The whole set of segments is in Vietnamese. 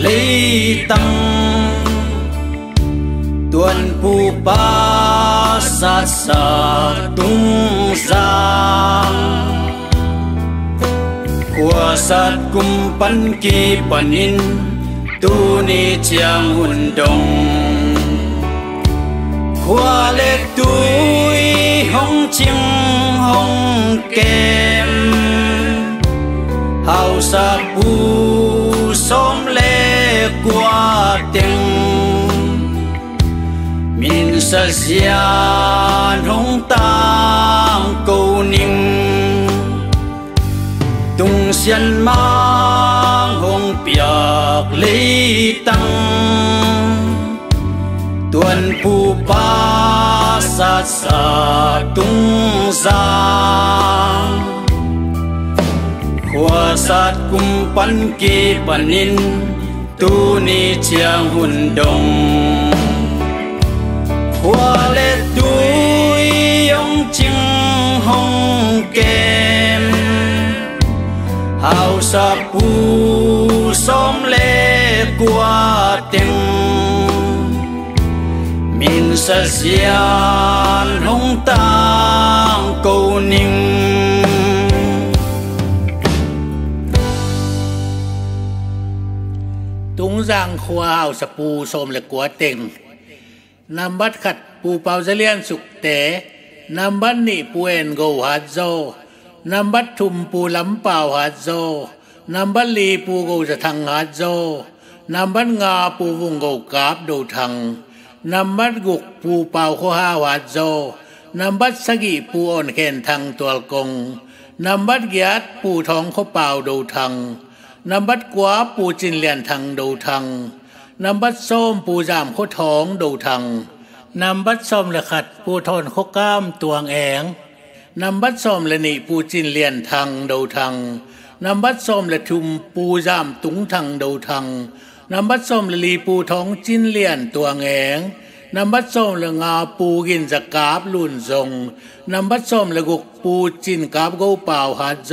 lý tâm tuần phù ba sa sa tung giang của sát cung bắn kỳ bắn in tu ni chiang hun đồng qua lệ tuổi hong chim hong kề sa xian hong tang cầu nim tung xian mang hong piak lấy tăng tuần pu pa sa sa tung giang hoa sát cung bắn kỳ bắn in tu ni chiang hun đồng hoa lê túi ông chưng hồng kem hào sa pu xóm lê qua tiếng min sa xian hồng tang câu ninh tung giang khoa hào sa pu xóm lê qua tiếng nam bắt khặt pu pao dây liên sục tế nam bắt nị pu en gầu hạt dô nam bắt thùm pu lắm pao hạt dô nam bắt lì pu gầu dạ thằng hạt dô nam bắt nga pu vùng gầu cáp đầu thằng nam bắt gục pu pao khô ha hạt dô nam bắt sắc gị pu ổn khen thằng tual công nam bắt giát pu thong khô pao đầu thằng nam bắt quá pu trình liền thằng đầu thằng นำบัดส้อมปูยามโคท้องดูทังนำบัดส้อมละขัดปูทอนโคก้ามตวงแองนำบัดส้อมละนีปูจินเลียนทังดูทังนำบัดส้อมละทุมปูยามตุงทังดูทังนำบัดส้อมละลีปูท้องจินเลียนตวงแองนำบัดส้อมละงาปูกินจักาบลุ่นทรงนำบัดส้อมละกุกปูจินกาบโกเปล่าหดโจ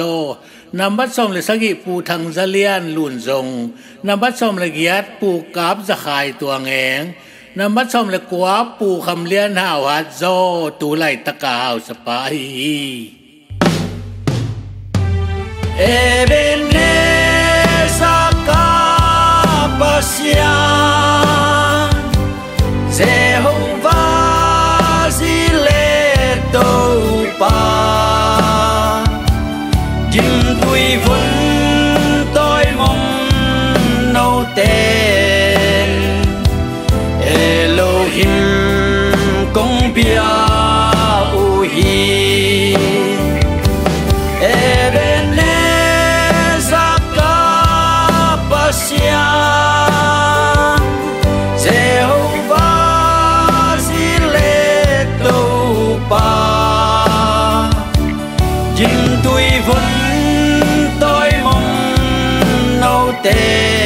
nam bắt som le sagi pu thang zalian lun zong nam bắt som le giat pu kap za khai tua ngeng nam bắt som le kwa pu kham lian hao hat zo tu lai taka hao sapa chim thui vẫn tôi mong nâu tên Elohim công bia u hi Ebene zaka pasia Jehovah zileto pa Jim tui vun tem.